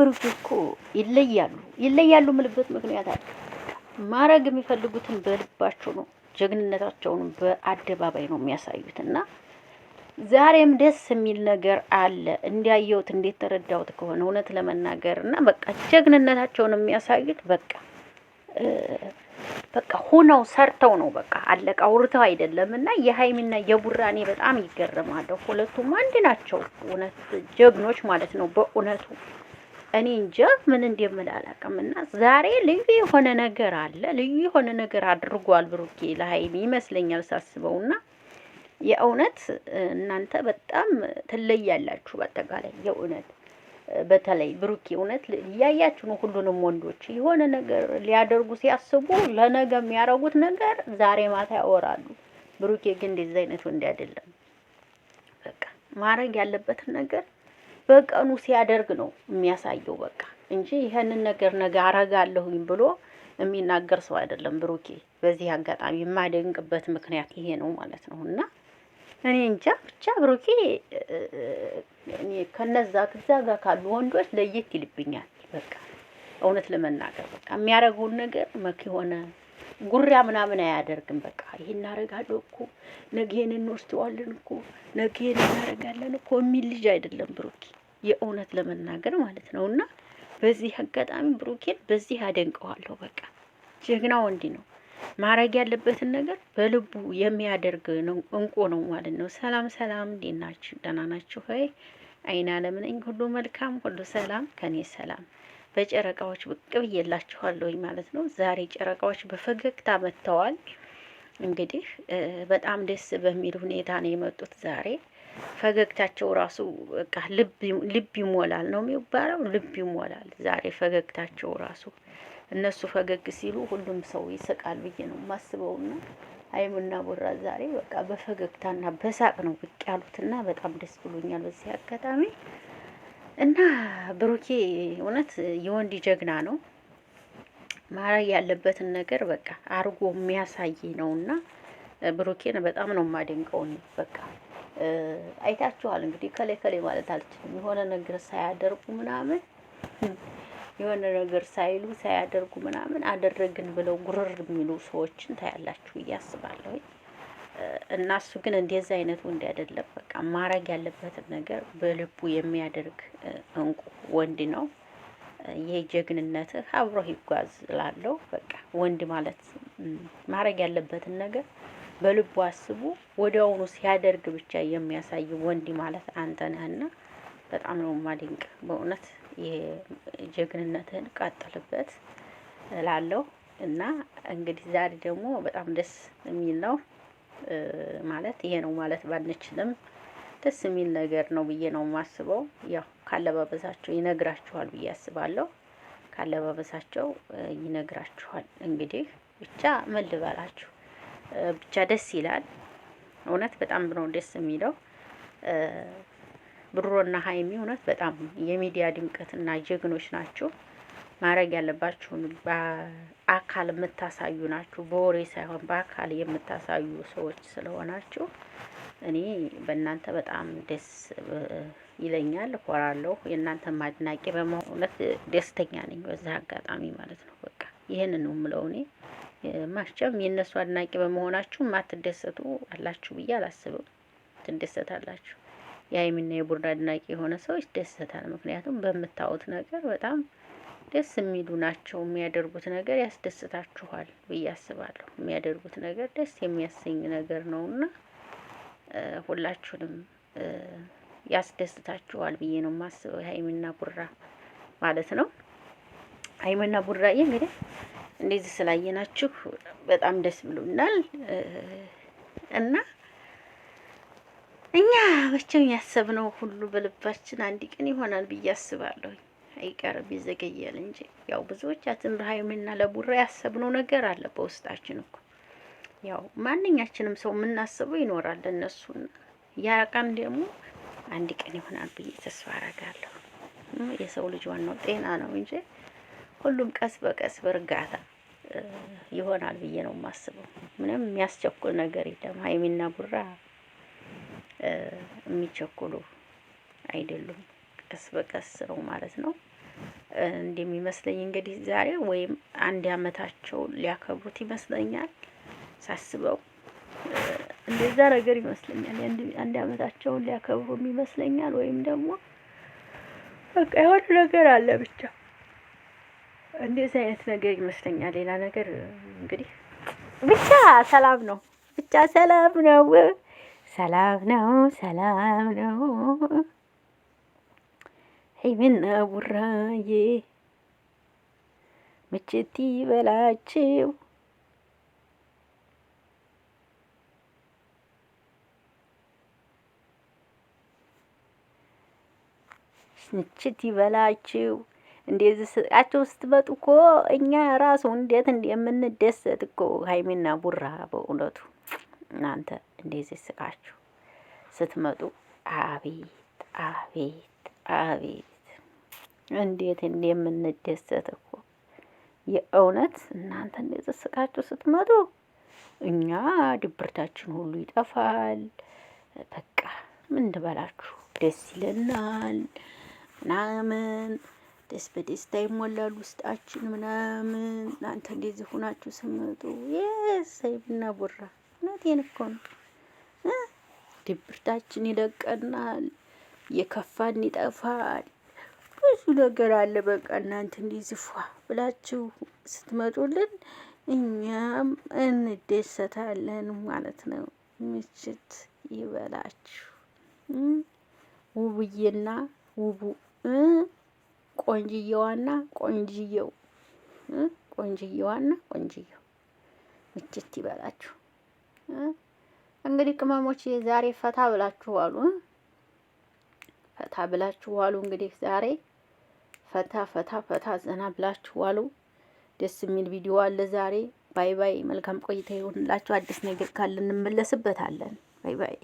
ብሩክ እኮ ይለያሉ። ይለያሉ ምልበት ምክንያት አለ። ማድረግ የሚፈልጉትን በልባቸው ነው፣ ጀግንነታቸውን በአደባባይ ነው የሚያሳዩት እና ዛሬም ደስ የሚል ነገር አለ። እንዲያየሁት እንዴት ተረዳሁት ከሆነ እውነት ለመናገር እና በቃ ጀግንነታቸውን የሚያሳዩት በቃ በቃ ሆነው ሰርተው ነው በቃ አለቃ አውርተው አይደለም። እና የሀይሚና የቡራኔ በጣም ይገረማለሁ። ሁለቱም አንድ ናቸው። እውነት ጀግኖች ማለት ነው በእውነቱ እኔ እንጃ ምን እንደምን አላውቅም። እና ዛሬ ልዩ የሆነ ነገር አለ፣ ልዩ የሆነ ነገር አድርጓል ብሩኬ ለሀይሚ ይመስለኛል ሳስበው እና የእውነት እናንተ በጣም ትለያላችሁ። በአጠቃላይ የእውነት በተለይ ብሩኬ እውነት እያያችሁ ነው። ሁሉንም ወንዶች የሆነ ነገር ሊያደርጉ ሲያስቡ ለነገ የሚያደርጉት ነገር ዛሬ ማታ ያወራሉ። ብሩኬ ግን እንደዚህ አይነት ወንድ አይደለም። በቃ ማድረግ ያለበትን ነገር በቀኑ ሲያደርግ ነው የሚያሳየው በቃ እንጂ ይህንን ነገር ነገ አረጋለሁኝ ብሎ የሚናገር ሰው አይደለም ብሩኬ። በዚህ አጋጣሚ የማደንቅበት ምክንያት ይሄ ነው ማለት ነው። እና እኔ እንጃ ብቻ ብሩኬ ከነዛ ከዛ ጋር ካሉ ወንዶች ለየት ይልብኛል። በቃ እውነት ለመናገር በቃ የሚያደርገውን ነገር መክ የሆነ ጉሪያ ምናምን አያደርግም። በቃ ይሄ እናደርጋለሁ እኮ ነገን እንወስደዋለን እኮ ነገን እናደርጋለን እኮ የሚል ልጅ አይደለም ብሩኪ የእውነት ለመናገር ማለት ነው። እና በዚህ አጋጣሚ ብሩኬን በዚህ አደንቀዋለሁ። በቃ ጀግና ወንድ ነው። ማድረግ ያለበትን ነገር በልቡ የሚያደርግ ነው። እንቁ ነው ማለት ነው። ሰላም ሰላም፣ እንዴት ናችሁ? ደህና ናችሁ? ሆይ አይን አለምነኝ ሁሉ መልካም፣ ሁሉ ሰላም፣ ከኔ ሰላም በጨረቃዎች ብቅ ብዬላችኋለሁኝ ማለት ነው። ዛሬ ጨረቃዎች በፈገግታ መጥተዋል። እንግዲህ በጣም ደስ በሚል ሁኔታ ነው የመጡት ዛሬ። ፈገግታቸው ራሱ በቃ ልብ ይሞላል ነው የሚባለው፣ ልብ ይሞላል ዛሬ ፈገግታቸው ራሱ። እነሱ ፈገግ ሲሉ ሁሉም ሰው ይስቃል ብዬ ነው የማስበውና አይሙና ቦራ ዛሬ በቃ በፈገግታና በሳቅ ነው ብቅ ያሉትና በጣም ደስ ብሎኛል በዚህ አጋጣሚ እና ብሩኬ እውነት የወንድ ጀግና ነው። ማድረግ ያለበትን ነገር በቃ አርጎ የሚያሳይ ነው እና ብሩኬን በጣም ነው የማደንቀው። በቃ አይታችኋል እንግዲህ ከላይ ከላይ ማለት አልችልም። የሆነ ነገር ሳያደርጉ ምናምን የሆነ ነገር ሳይሉ ሳያደርጉ ምናምን አደረግን ብለው ጉርር የሚሉ ሰዎችን ታያላችሁ ብዬ አስባለሁ። እና እሱ ግን እንደዛ አይነት ወንድ አይደለም። በቃ ማረግ ያለበትን ነገር በልቡ የሚያደርግ እንቁ ወንድ ነው። ይሄ ጀግንነት አብሮ ይጓዝ ላለው በቃ ወንድ ማለት ማረግ ያለበትን ነገር በልቡ አስቡ ወዲያውኑ ሲያደርግ ብቻ የሚያሳይ ወንድ ማለት አንተ ነህና በጣም ነው ማድንቅ በእውነት ይሄ ቀጥልበት ላለው እና እንግዲህ ዛሬ ደግሞ በጣም ደስ የሚል ነው። ማለት ይሄ ነው ማለት ባንችልም ደስ የሚል ነገር ነው ብዬ ነው የማስበው። ያው ካለባበሳቸው ይነግራችኋል ብዬ አስባለሁ። ካለባበሳቸው ይነግራችኋል። እንግዲህ ብቻ ምን ልበላችሁ፣ ብቻ ደስ ይላል። እውነት በጣም ነው ደስ የሚለው። ብሩና ሀይሚ እውነት በጣም የሚዲያ ድምቀትና ጀግኖች ናቸው። ማድረግ ያለባችሁን በአካል የምታሳዩ ናችሁ፣ በወሬ ሳይሆን በአካል የምታሳዩ ሰዎች ስለሆናችሁ እኔ በእናንተ በጣም ደስ ይለኛል፣ እኮራለሁ። የእናንተ አድናቂ በመሆነት ደስተኛ ነኝ፣ በዛ አጋጣሚ ማለት ነው። በቃ ይህን ነው የምለው እኔ። ማቸም የእነሱ አድናቂ በመሆናችሁ ማትደሰቱ አላችሁ ብዬ አላስብም። ትደሰታላችሁ። የሀይሚና የቡርድ አድናቂ የሆነ ሰው ይደሰታል። ምክንያቱም በምታዩት ነገር በጣም ደስ የሚሉ ናቸው። የሚያደርጉት ነገር ያስደስታችኋል ብዬ አስባለሁ። የሚያደርጉት ነገር ደስ የሚያሰኝ ነገር እና ሁላችሁንም ያስደስታችኋል ብዬ ነው የማስበው። ሀይሚና ቡራ ማለት ነው። ሀይሚና ቡራዬ እንግዲህ እንደዚህ ስላየናችሁ በጣም ደስ ብሎናል እና እኛ መቼም ያሰብነው ሁሉ በልባችን አንድ ቀን ይሆናል ብዬ አስባለሁ። አይቀርም ይዘገያል እንጂ ያው ብዙዎቻችን ለሀይሚና ለቡራ ያሰብነው ነገር አለ በውስጣችን እኮ ያው ማንኛችንም ሰው የምናስበው ይኖራል ለእነሱና ያ ቀን ደግሞ አንድ ቀን ይሆናል ብዬ ተስፋ አረጋለሁ። የሰው ልጅ ዋናው ጤና ነው እንጂ ሁሉም ቀስ በቀስ በእርጋታ ይሆናል ብዬ ነው የማስበው። ምንም የሚያስቸኩል ነገር የለም። ሀይሚና ቡራ የሚቸኩሉ አይደሉም። ቀስ በቀስ ነው ማለት ነው። እንደሚመስለኝ እንግዲህ ዛሬ ወይም አንድ አመታቸው ሊያከብሩት ይመስለኛል ሳስበው እንደዛ ነገር ይመስለኛል። አንድ ዓመታቸውን ሊያከብሩም ይመስለኛል ወይም ደግሞ በቃ የሆነ ነገር አለ ብቻ እንደዚህ አይነት ነገር ይመስለኛል። ሌላ ነገር እንግዲህ ብቻ ሰላም ነው፣ ብቻ ሰላም ነው፣ ሰላም ነው፣ ሰላም ነው። ሀይሚና ቡራዬ ምችት ይበላችሁ። ምችት ይበላችሁ። እንደዚህ ስቃችሁ ስትመጡ እኮ እኛ ራሱ እንዴት እንደምንደሰት እኮ ሀይሚና ቡራ በእውነቱ እናንተ እንደዚህ ስቃችሁ ስትመጡ አቤት አቤት አቤት እንዴት እንደምንደሰት እኮ የእውነት እናንተ እንደዚህ ስቃችሁ ስትመጡ እኛ ድብርታችን ሁሉ ይጠፋል። በቃ ምን ትበላችሁ፣ ደስ ይለናል ምናምን ደስ በደስታ ይሞላል ውስጣችን ምናምን። እናንተ እንደዚህ ስመጡ የሰይብና ቡራ እውነቴን እኮ ነው ድብርታችን ይለቀናል፣ የከፋን ይጠፋል። ብዙ ነገር አለ። በቃ እናንተ እንዲህ ዝፏ ብላችሁ ስትመጡልን እኛም እንደሰታለን ማለት ነው። ምችት ይበላችሁ። ውብዬና ውቡ ቆንጅየዋና ቆንጅየው ቆንጅየዋና ቆንጅየው ምችት ይበላችሁ። እንግዲህ ቅመሞች ዛሬ ፈታ ብላችኋሉ፣ ፈታ ብላችኋሉ። እንግዲህ ዛሬ ፈታ ፈታ ፈታ ዘና ብላችሁ ዋሉ። ደስ የሚል ቪዲዮ አለ ዛሬ። ባይ ባይ። መልካም ቆይታ ይሁንላችሁ። አዲስ ነገር ካለ እንመለስበታለን። ባይ ባይ።